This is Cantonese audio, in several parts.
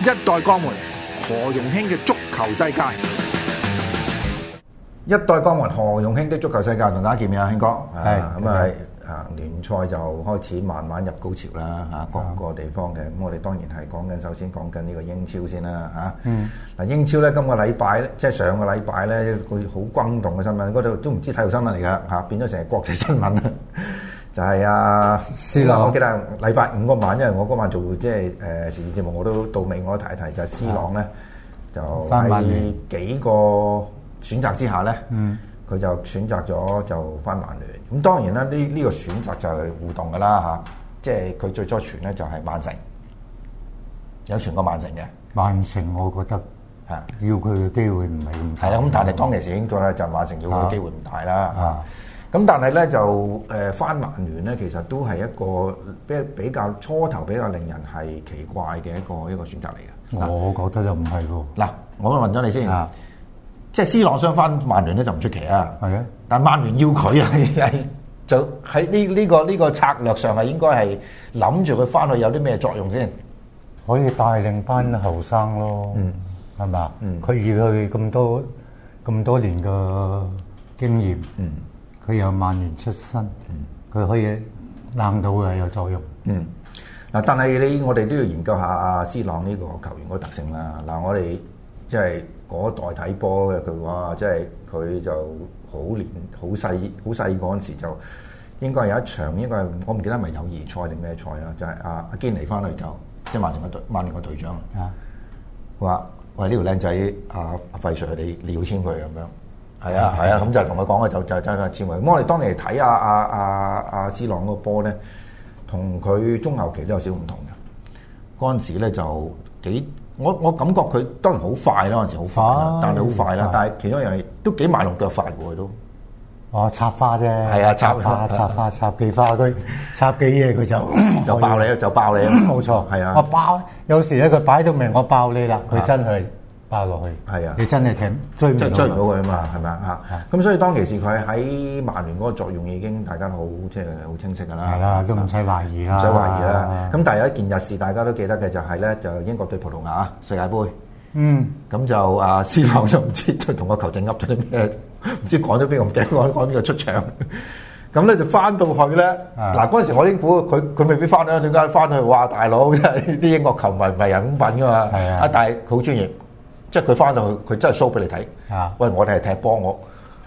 一代鋼門何容興嘅足球世界，一代鋼門何容興的足球世界，同大家見面是啊，興哥係咁啊！啊，聯賽就開始慢慢入高潮啦，吓光、啊、各個地方嘅咁、啊，我哋當然係講緊，首先講緊呢個英超先啦，吓、啊、嗯嗱、啊，英超咧今個禮拜即係上個禮拜咧，佢好轟動嘅新聞，嗰度都唔知體育新聞嚟噶吓，變咗成係國際新聞啦。 就係啊，C 朗、嗯。我記得禮拜五個晚，因為我嗰晚做即係誒時事節目，我都到尾我都提一提就係、C 朗咧，就喺幾個選擇之下咧，佢就選擇咗就翻曼聯。咁當然啦，呢、這、呢個選擇就係互動噶啦嚇。即係佢最初傳咧就係曼城，有傳過曼城嘅。曼城。我覺得嚇，要佢嘅機會唔係咁大。啦、啊，咁但係當其時已經覺得就曼城要佢嘅機會唔大啦嚇。咁但係咧就誒翻曼聯咧，其實都係一個比比較初頭比較令人係奇怪嘅一個一個選擇嚟嘅。我覺得就唔係喎。嗱，我都問咗你先，的即係 C 朗想翻曼聯咧就唔出奇啊。係啊的，但曼聯要佢啊， 就喺呢呢個呢、呢個策略上係應該係諗住佢翻去有啲咩作用先。可以帶領班後生咯。嗯，係嘛吧？嗯，佢以佢咁多咁多年嘅經驗。嗯。佢有曼聯出身，佢、嗯、可以冷到又有作用。嗯，嗱，但係你我哋都要研究下阿、啊、C 朗呢個球員個特性啦。嗱、呃，我哋即係嗰代睇波嘅，佢話，即係佢就好年好細好細嗰陣時就應該有一場，應該係我唔記得係咪友誼賽定咩賽啦，就係阿阿堅尼翻去就，就即係曼城嘅隊曼聯嘅隊長，話、啊：，喂呢條靚仔，阿阿費帥，你你要簽佢咁樣。係啊，係啊，咁就係同佢講嘅，就就真係簽埋。咁我哋當年睇下阿阿阿 C 朗個波咧，同佢中後期都有少唔同嘅。嗰陣時咧就幾，我我感覺佢當然好快啦，嗰陣時好快，但係好快啦。但係其中一樣嘢都幾賣弄腳快喎，都。哦，插花啫。係啊，插花，插花，插幾花佢插幾嘢佢就就爆你，就爆你，冇錯，係啊。我爆，有時咧佢擺到明我爆你啦，佢真係。包落去，係啊！你真係頂，即係追唔到佢啊嘛，係咪吧啊？咁，所以當其時佢喺曼聯嗰個作用已經大家好，即係好清晰噶啦。係啦，都唔使懷疑啦。唔使懷、嗯、疑啦。咁但係有一件日事，大家都記得嘅就係咧，就英國對葡萄牙世界杯。嗯。咁就啊，C 朗就唔知同個球證噏咗啲咩，唔知講咗邊個唔知講講邊個出場。咁咧就翻到去咧，嗱嗰陣時我已經估佢佢未必翻啦，點解翻去？哇大佬，即係啲英國球迷唔係人品噶嘛？係啊，但係好專業。即係佢翻到去，佢真係 show 俾你睇。啊，喂，我哋係踢波，我，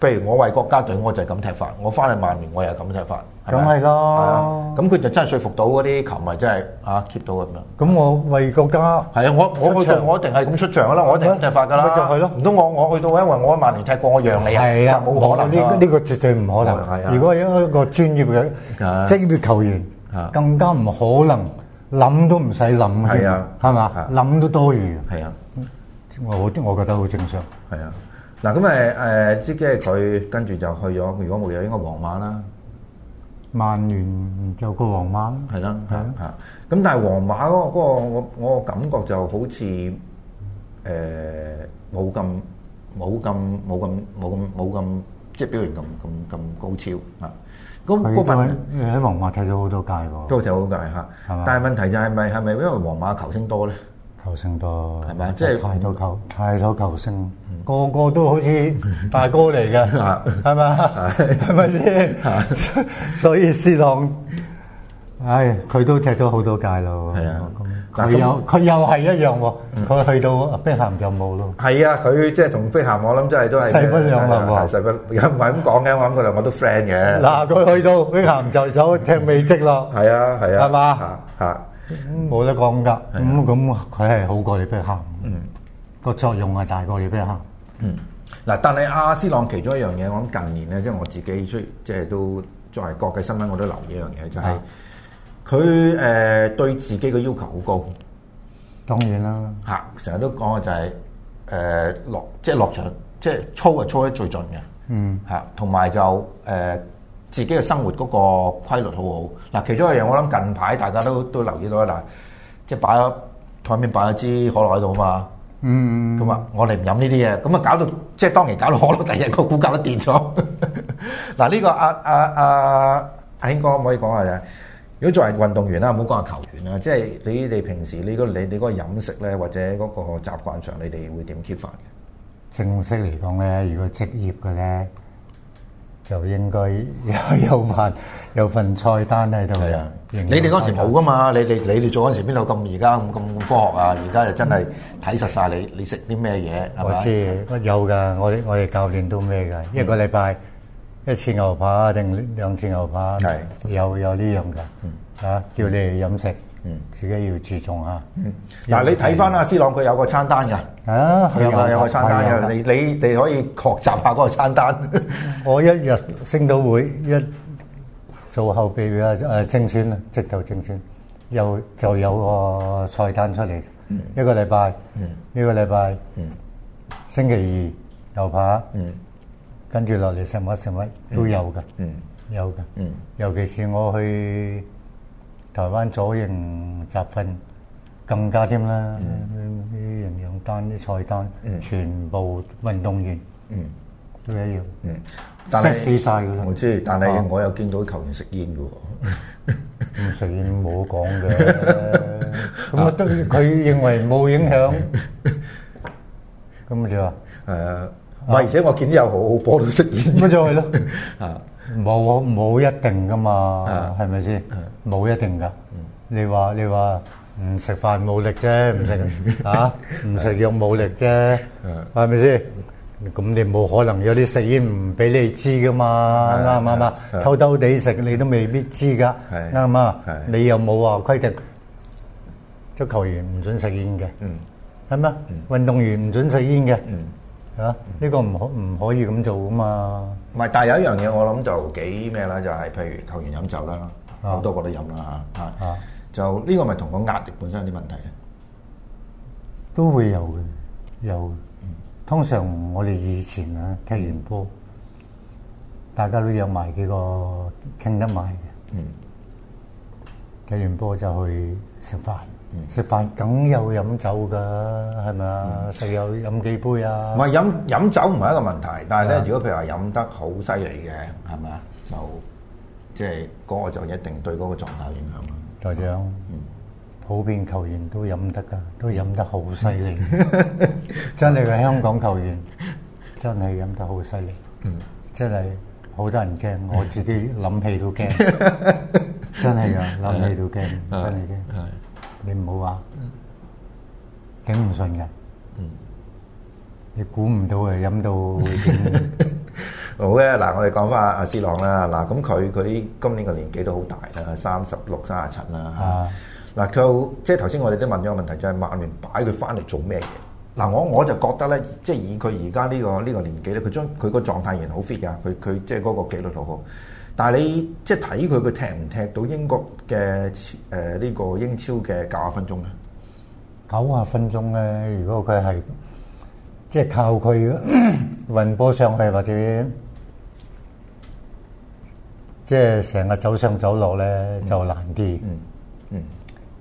譬如我為國家隊，我就係咁踢法。我翻去曼聯，我又咁踢法。梗係啦。咁佢就真係說服到嗰啲球迷，真係啊 keep 到咁樣。咁我為國家係啊，我我去我一定係咁出場噶啦，我一定咁踢法噶啦。咪就去咯。唔通我我去到，因為我喺曼聯踢過，我讓你啊？係啊，冇可能。呢呢個絕對唔可能。係啊。如果係一個專業嘅職業球員，更加唔可能，諗都唔使諗嘅。係啊。係嘛？諗都多餘。係啊。我啲我覺得好正常，係啊。嗱，咁誒誒，即係佢跟住就去咗。如果冇有應該皇馬啦，曼聯又過皇馬，係啦、啊，係啦、啊。咁、啊、但係皇馬嗰、嗰個嗰個我我感覺就好似誒冇咁冇咁冇咁冇咁冇咁即係表現咁咁咁高超啊。咁高喺皇馬睇咗好多屆喎、啊，都睇好多屆嚇。吧但係問題就係咪係咪因為皇馬球星多咧？球星多，係咪？即係太多球，太多球星，個個都好似大哥嚟嘅，係咪？係咪先？所以斯浪，唉，佢都踢咗好多屆咯。係啊，佢又佢又係一樣喎。佢去到碧咸就冇咯。係啊，佢即係同碧咸我諗真係都係勢不兩立喎。勢不，又唔係咁講嘅。我諗佢哋我都 friend 嘅。嗱，佢去到碧咸就走踢美職咯。係啊，係啊，係嘛？吓！冇得講噶，咁咁佢係好過你俾人蝦，嗯，個作用係大過你俾人蝦，嗯。嗱，但係阿斯朗其中一樣嘢，我諗近年咧，即係我自己出，即係都作為國際新聞，我都留意一樣嘢，就係佢誒對自己嘅要求好高。當然啦，吓成日都講嘅就係誒落即係落場，即係操啊操得最盡嘅，嗯吓，同埋就誒。呃自己嘅生活嗰個規律好好嗱，其中一樣我諗近排大家都都留意到啦，即係擺咗台面擺咗支可樂喺度啊嘛，咁啊、嗯、我哋唔飲呢啲嘢，咁啊搞到即係當然搞到可樂，第二日股價 個股價都跌咗。嗱呢個阿阿阿阿興哥可唔可以講下呀？如果作為運動員啦，唔好講下球員啦，即係你哋平時你、嗰個你你嗰個飲食咧，或者嗰個習慣上，你哋會點 keep 法嘅？正式嚟講咧，如果職業嘅咧。就應該有有份有份菜單喺度啊！你哋嗰陣時冇噶嘛？你你你哋做嗰陣時邊度咁而家咁咁科學啊？而家就真係睇實晒。嗯、你你食啲咩嘢係咪？我知有㗎，我我哋教練都咩㗎？嗯、一個禮拜一次牛扒定兩次牛扒，係的有有呢樣㗎，嚇、嗯啊、叫你飲食。嗯，自己要注重吓。嗯，嗱，你睇翻阿 C 朗佢有個餐單噶。啊，有啊，有個餐單噶。你你你可以學習下嗰個餐單。我一日升到會一做後備啊，誒精選啦，直頭精選又就有個菜單出嚟。一個禮拜，呢個禮拜，星期二牛扒，跟住落嚟食乜食乜都有嘅。嗯，有嘅。嗯，尤其是我去。台灣左營集訓更加添啦，啲營養單、啲菜單，全部運動員都一樣，食死曬嗰種。我知，但係我又見到球員食煙嘅喎，唔食煙冇講嘅，咁我覺得佢認為冇影響，咁就話係啊。唔係，而且我見到有好好波都食煙，咪就係咯。冇冇一定噶嘛，係咪先？冇一定噶。你話你話唔食飯冇力啫，唔食啊，唔食藥冇力啫，係咪先？咁你冇可能有啲食煙唔俾你知噶嘛？啱唔啱啊？偷偷哋食你都未必知噶，啱唔啱？你又冇話規定足球員唔准食煙嘅，係咩？運動員唔准食煙嘅，啊？呢個唔可唔可以咁做噶嘛？唔係，但係有一樣嘢我諗就幾咩啦，就係、是、譬如球員飲酒啦，好、啊、多個都飲啦嚇，就呢、這個咪同個壓力本身有啲問題，都會有嘅。有通常我哋以前啊踢完波，嗯、大家都有埋幾個傾得埋嘅，嗯，踢完波就去食飯。食飯梗有飲酒噶，係咪？食有飲幾杯啊？唔係飲飲酒唔係一個問題，但係咧，如果譬如話飲得好犀利嘅，係咪，就即係嗰個就一定對嗰個狀態影響啦。隊長，普遍球員都飲得噶，都飲得好犀利，真係嘅香港球員真係飲得好犀利，嗯，真係好多人驚，我自己諗起都驚，真係噶諗起都驚，真係驚。.你唔好話，頂唔順嘅。嗯，你估唔到啊，飲到 好嘅，嗱，我哋講翻阿阿 C 朗啦。嗱，咁佢佢今年個年紀都好大 36, 37，啦，三十六三十七啦。啊，嗱，佢即係頭先我哋都問咗個問題，就係曼聯擺佢翻嚟做咩嘢？嗱，我我就覺得咧，即係以佢而家呢個呢、呢個年紀咧，佢將佢個狀態仍然好 fit 㗎。佢佢即係嗰個紀律。但係你即係睇佢佢踢唔踢到英國嘅誒呢個英超嘅九十分鐘咧？九啊分鐘咧，如果佢係即係靠佢運波上去，或者即係成日走上走落咧，就難啲。嗯嗯。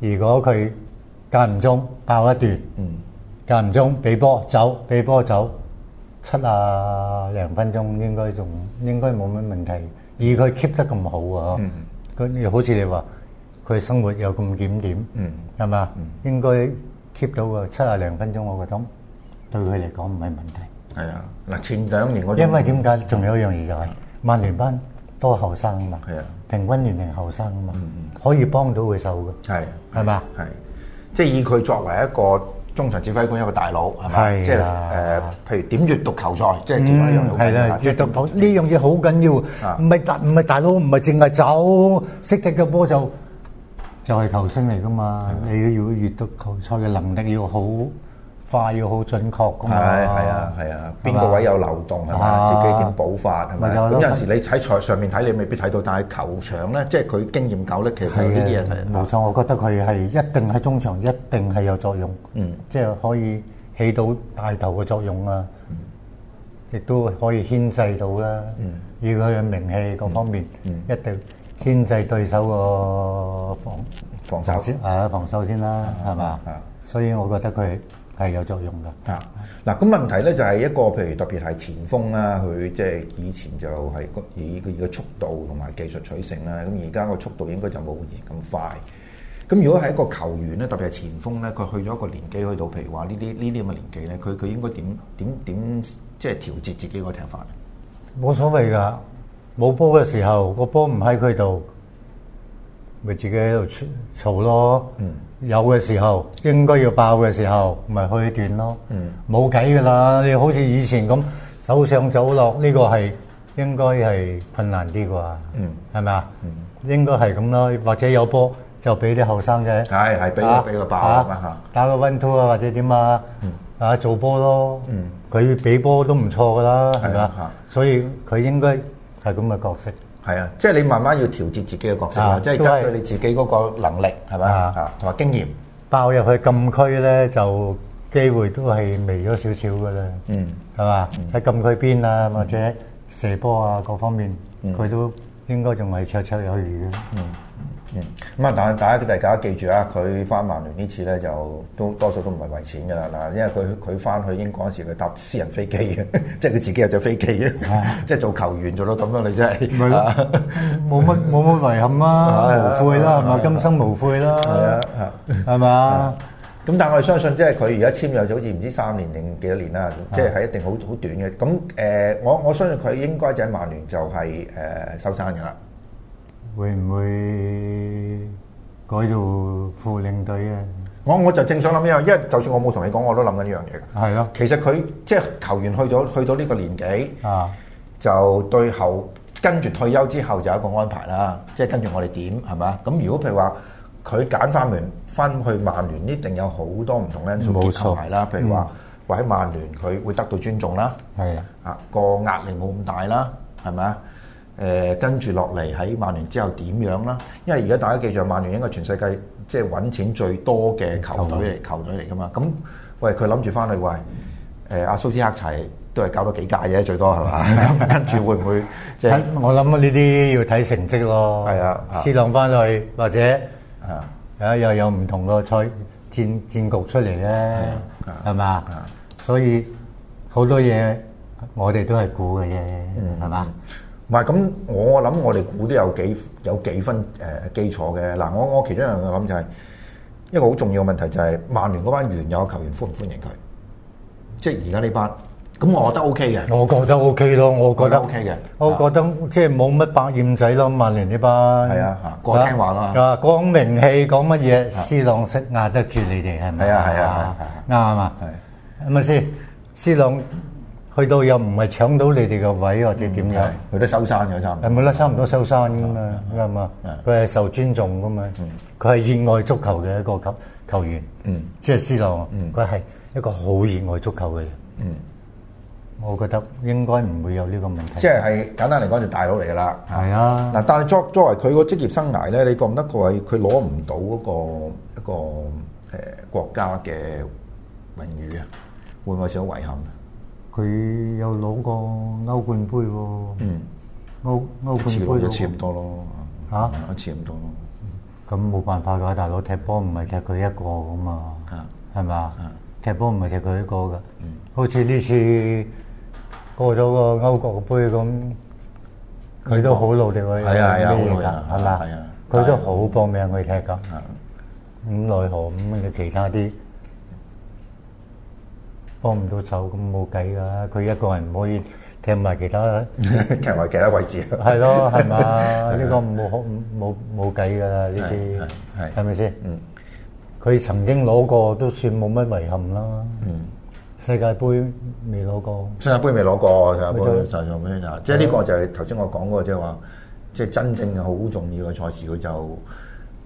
如果佢間唔中爆一段，間唔中俾波走，俾波走七啊零分鐘，應該仲應該冇乜問題。而佢 keep 得咁好啊！嗬，佢好似你話，佢生活又咁檢點，係咪啊？應該 keep 到個七啊零分鐘，我覺得對佢嚟講唔係問題。係啊，嗱前兩年我因為點解？仲有一樣嘢就係曼聯班多後生啊嘛，平均年齡後生啊嘛，可以幫到佢手嘅。係係咪啊？係，即係以佢作為一個。中場指揮官一個大佬係嘛？的即係誒、呃，譬如點閲讀球賽，嗯、即係的點樣呢樣嘢啊？閲讀好呢樣嘢好緊要，唔係大唔係大佬，唔係淨係走，識踢嘅波就就係球星嚟噶嘛？的你要如果閲讀球賽嘅能力要好。化要好準確㗎嘛？係係啊，係啊，邊個位有流動係嘛？自己點補發係咪？咁有陣時你喺賽上面睇，你未必睇到，但係球場咧，即係佢經驗夠咧，其實有呢啲嘢。冇錯，我覺得佢係一定喺中場，一定係有作用。嗯，即係可以起到帶頭嘅作用啊！亦都可以牽制到啦。嗯，以佢個名氣各方面，一定牽制對手個防防守先啊，防守先啦，係嘛？所以我覺得佢。係有作用噶啊！嗱的，咁問題咧就係一個，譬如特別係前鋒啦，佢即係以前就係以佢嘅速度同埋技術取勝啦。咁而家個速度應該就冇以前咁快。咁如果係一個球員咧，特別係前鋒咧，佢去咗一個年紀，去到譬如話呢啲呢啲咁嘅年紀咧，佢佢應該點點點即係調節自己個踢法？冇所謂㗎，冇波嘅時候個波唔喺佢度。咪自己喺度嘈咯， 有嘅時候應該要爆嘅時候咪去斷咯，冇計噶啦！你好似以前咁手上走落呢個係應該係困難啲啩，係咪啊？應該係咁咯，或者有波就俾啲後生仔係係俾俾個爆咁啊嚇，打個 one two 啊或者點啊，啊做波咯，佢俾波都唔錯噶啦，係咪啊？所以佢應該係咁嘅角色。 係啊，即係你慢慢要調節自己嘅角色啊，即係根據你自己嗰個能力，係咪啊？同埋經驗，爆入去禁區咧，就機會都係微咗少少噶啦。嗯，係嘛吧？喺、嗯、禁區邊啊，嗯、或者射波啊，各方面佢、嗯、都應該仲係綽綽有餘嘅。嗯。嗯，咁啊，但係大家大家記住啊，佢翻曼聯呢次咧就都多數都唔係為錢噶啦嗱，因為佢佢翻去英國嗰時佢搭私人飛機嘅，即係佢自己有隻飛機嘅，即係做球員咗咯，咁樣你真係，冇乜冇乜遺憾啦，無悔啦，係嘛？今生無悔啦，係啊，係嘛？咁但係我哋相信即係佢而家簽約咗好似唔知三年定幾多年啦，即係係一定好好短嘅，咁誒，我我相信佢應該就喺曼聯就係誒收山噶啦。會唔會改做副領隊啊？我我就正想諗呢樣，因為就算我冇同你講，我都諗緊呢樣嘢係咯，的其實佢即係球員去到去到呢個年紀，啊，就對後跟住退休之後就有一個安排啦。即係跟住我哋點係咪？咁如果譬如話佢揀翻完翻去曼聯，一定有好多唔同因素錯結合埋啦。譬如話或者曼聯，佢會得到尊重啦。係啊的，個壓、嗯、力冇咁大啦，係咪啊？誒跟住落嚟喺曼聯之後點樣啦？因為而家大家記住，曼聯應該全世界即係揾錢最多嘅球隊嚟球隊嚟噶嘛。咁喂，佢諗住翻去喂，誒阿蘇斯克齊都係搞咗幾屆嘅最多係嘛？咁跟住會唔會即係我諗呢啲要睇成績咯。係啊，C 朗翻去或者啊，又有唔同個賽戰戰局出嚟咧，係嘛？所以好多嘢我哋都係估嘅啫，係嘛？唔係咁，我諗我哋估都有幾有幾分誒基礎嘅。嗱，我我其中一樣嘅諗就係一個好重要嘅問題就係曼聯嗰班原有球員歡唔歡迎佢？即係而家呢班。咁我覺得 OK 嘅，我覺得 OK 咯，我覺得 OK 嘅，我覺得即係冇乜百厭仔咯，曼聯呢班。係啊，講聽話咯。啊，講名氣講乜嘢？C 朗識壓得住你哋係咪？係啊係啊係啊，啱嘛。係，咁咪先，C 朗。去到又唔係搶到你哋個位或者點樣？佢都收山嘅差。係冇啦，差唔多收山嘅嘛，係嘛？佢係受尊重嘅嘛。佢係熱愛足球嘅一個球球員。嗯，即係 C 朗，佢係一個好熱愛足球嘅人。嗯，我覺得應該唔會有呢個問題。即係係簡單嚟講，就大佬嚟啦。係啊。嗱，但係作作為佢個職業生涯咧，你覺唔得佢係佢攞唔到嗰個一個誒國家嘅榮譽啊？會唔會有啲遺憾？佢有攞過歐冠杯喎，哦，歐歐冠杯咯。嗯、一次一次咁多咯，啊，嚇？一次咁多咯。咁冇辦法㗎，大佬，踢波唔係踢佢一個噶嘛，係咪啊？踢波唔係踢佢一個㗎。好似呢次過咗個歐國杯咁，佢都好努力喎，有咩嘢㗎？係咪啊？佢都好搏命去踢㗎。咁奈何咁嘅其他啲？幫唔到手咁冇計啦！佢一個人唔可以踢埋其他，踢埋 其他位置。係咯， 係嘛？呢個冇冇冇計㗎啦！呢啲係係咪先？嗯，佢曾經攞過都算冇乜遺憾啦。嗯，世界盃未攞過。嗯、世界盃未攞過，錯世界盃世界盃就即係呢個就係頭先我講嗰個即係話即係、即係、真正好重要嘅賽事，佢就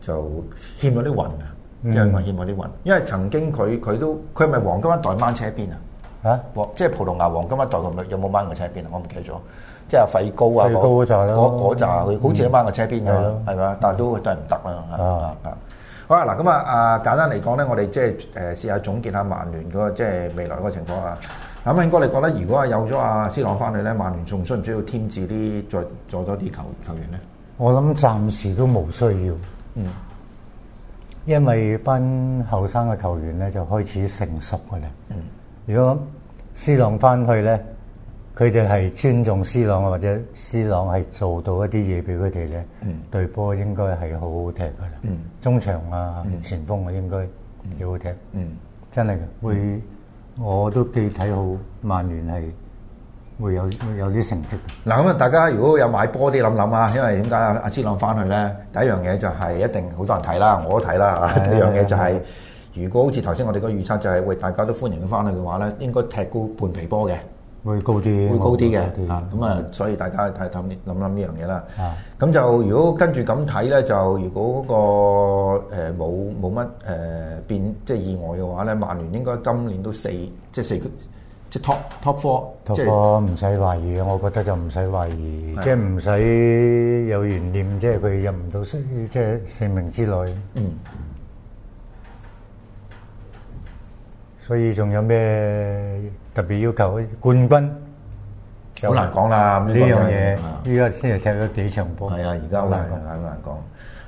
就欠咗啲運啊！嗯即係外欠嗰啲雲，嗯、因為曾經佢佢都佢係咪黃金一代掹車邊啊？嚇！黃即係葡萄牙黃金一代，佢有冇掹過車邊啊？我唔記咗，即係費高啊，嗰嗰扎佢好似一掹個車邊咁咯，係嘛？但係都都係唔得啦。好啊！嗱，咁啊啊，簡單嚟講咧，我哋即係誒試下總結下曼聯嗰個即係未來嗰個情況啦。咁、啊、興哥，你覺得如果係有咗阿、啊、C 朗翻嚟咧，曼聯仲需唔需要添置啲再再多啲球球員咧？我諗暫時都冇需要。嗯。因為班後生嘅球員咧就開始成熟㗎喇。嗯、如果 C 朗翻去咧，佢哋係尊重 C 朗或者 C 朗係做到一啲嘢俾佢哋咧，對波、嗯、應該係好好踢㗎喇。嗯、中場啊，嗯、前鋒啊，應該幾好踢。嗯，真係嘅，會、嗯、我都幾睇好曼聯係。會有會有啲成績。嗱，咁啊，大家如果有買波啲諗諗啊，因為點解阿阿 C 朗翻去咧？第一樣嘢就係一定好多人睇啦，我都睇啦。 第一樣嘢就係，如果好似頭先我哋個預測就係，喂，大家都歡迎佢翻去嘅話咧，應該踢高半皮波嘅，會高啲，會高啲嘅。咁啊，所以大家睇睇諗諗呢樣嘢啦。咁是是 就如果跟住咁睇咧，就如果嗰個誒冇冇乜誒變，即係意外嘅話咧，曼聯應該今年都四即係四。top top four，即係唔使懷疑，我覺得就唔使懷疑，即係唔使有懸念，即係佢入唔到四即係、即係、四名之內。嗯。所以仲有咩特別要求？冠軍好難講啦。呢樣嘢依家先係踢咗幾場波，係啊，而家好難，好難，好難講。啊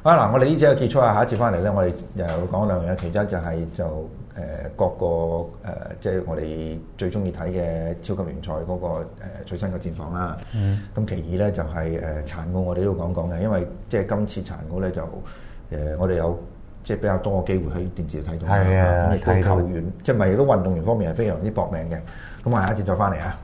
嗱、啊，我哋呢節啊結束啊，下一節翻嚟咧，我哋又講兩樣嘢，其中一就係就。誒各個誒，即係我哋最中意睇嘅超級聯賽嗰個最新嘅戰況啦。嗯。咁其二咧就係誒殘奧，我哋都要講講嘅，因為即係今次殘奧咧就誒我哋有即係比較多嘅機會喺電視睇到啦。係啊。咁啲球員即係咪？如果運動員方面係非常之搏命嘅。咁下一節再翻嚟啊！